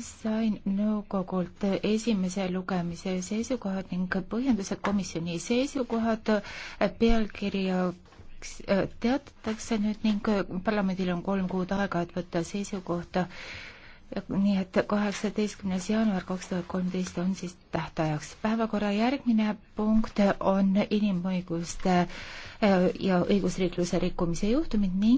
sain nõukogult esimese lugemise seisukohad ning põhjendused komisjoni seisukohad pealkirjaks äh, teatatakse nüüd ning parlamendil on kolm kuud aega, et võtta seisukohta. nii et kaheksateistkümnes jaanuar kaks tuhat kolmteist on siis tähtajaks. päevakorra järgmine punkt on inimõiguste äh, ja õigusriikluse rikkumise juhtumid ning